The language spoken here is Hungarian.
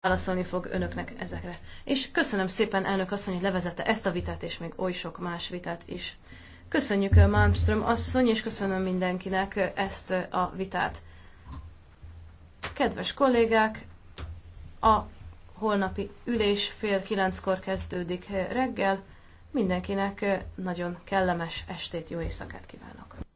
válaszolni fog önöknek ezekre. És köszönöm szépen elnök asszony, hogy levezette ezt a vitát, és még oly sok más vitát is. Köszönjük eh, Malmström asszony, és köszönöm mindenkinek eh, ezt eh, a vitát. Kedves kollégák, a holnapi ülés fél kilenckor kezdődik reggel. Mindenkinek nagyon kellemes estét, jó éjszakát kívánok!